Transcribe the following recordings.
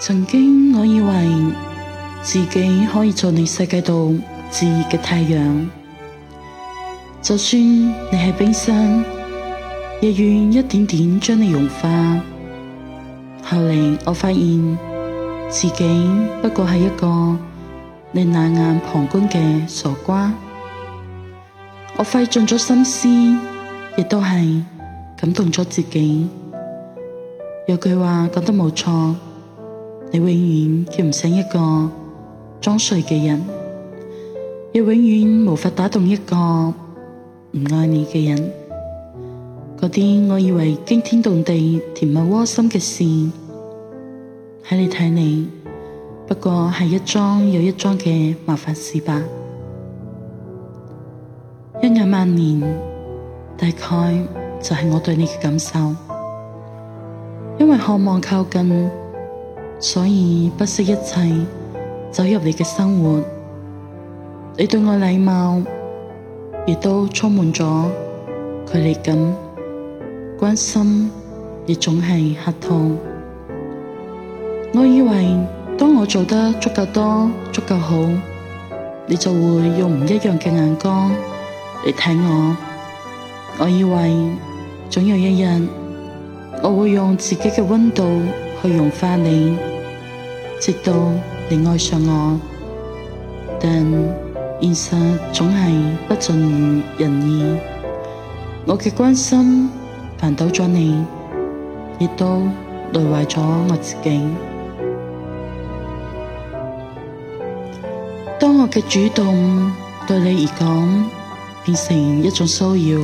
曾經我以為自己可以做你世界度炙熱嘅太陽，就算你係冰山，亦願一點點將你融化。後嚟我發現自己不過係一個你冷眼旁觀嘅傻瓜。我費盡咗心思，亦都係感動咗自己。有句話講得冇錯。你永遠叫唔醒一個裝睡嘅人，亦永遠無法打動一個唔愛你嘅人。嗰啲我以為驚天動地、甜蜜窩心嘅事，喺你睇嚟，不過係一樁又一樁嘅麻煩事吧。一眼萬年，大概就係我對你嘅感受，因為渴望靠近。所以不惜一切走入你嘅生活，你對我禮貌，亦都充滿咗距離感。關心亦總係客套。我以為當我做得足夠多、足夠好，你就會用唔一樣嘅眼光嚟睇我。我以為總有一日，我會用自己嘅溫度。去融化你，直到你愛上我。但現實總係不盡如人意，我嘅關心煩到咗你，亦都累壞咗我自己。當我嘅主動對你而講，變成一種騷擾；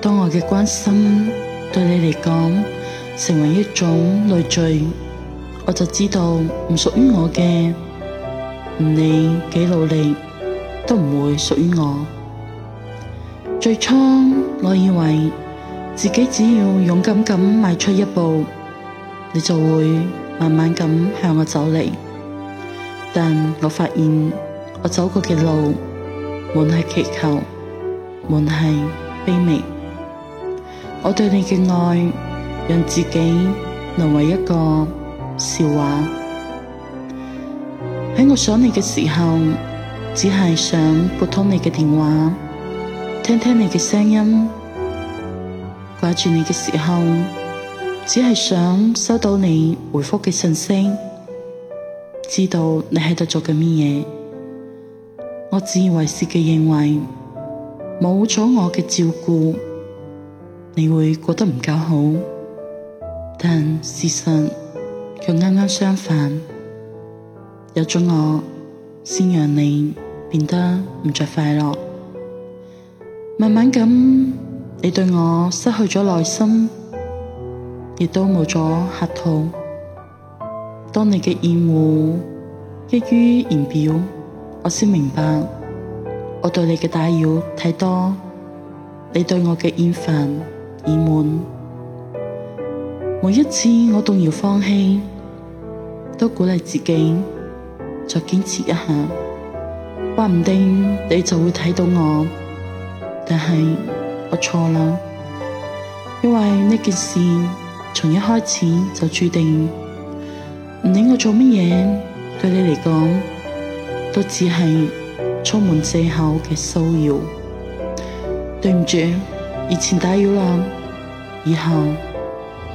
當我嘅關心對你嚟講，成為一種累贅，我就知道唔屬於我嘅，唔理幾努力都唔會屬於我。最初我以為自己只要勇敢咁邁出一步，你就會慢慢咁向我走嚟，但我發現我走過嘅路滿係祈求，滿係卑微，我對你嘅愛。讓自己淪為一個笑話。喺我想你嘅時候，只係想撥通你嘅電話，聽聽你嘅聲音；掛住你嘅時候，只係想收到你回覆嘅訊息，知道你喺度做緊乜嘢。我自以為是嘅認為，冇咗我嘅照顧，你會過得唔夠好。但事實卻啱啱相反，有咗我，先讓你變得唔再快樂。慢慢咁，你對我失去咗耐心，亦都冇咗客套。當你嘅厭惡，溢於言表，我先明白我對你嘅打擾太多，你對我嘅厭煩已滿。每一次我動搖放棄，都鼓勵自己再堅持一下，話唔定你就會睇到我。但係我錯啦，因為呢件事從一開始就注定，唔理我做乜嘢，對你嚟講都只係充滿借口嘅騷擾。對唔住，以前打擾啦，以後……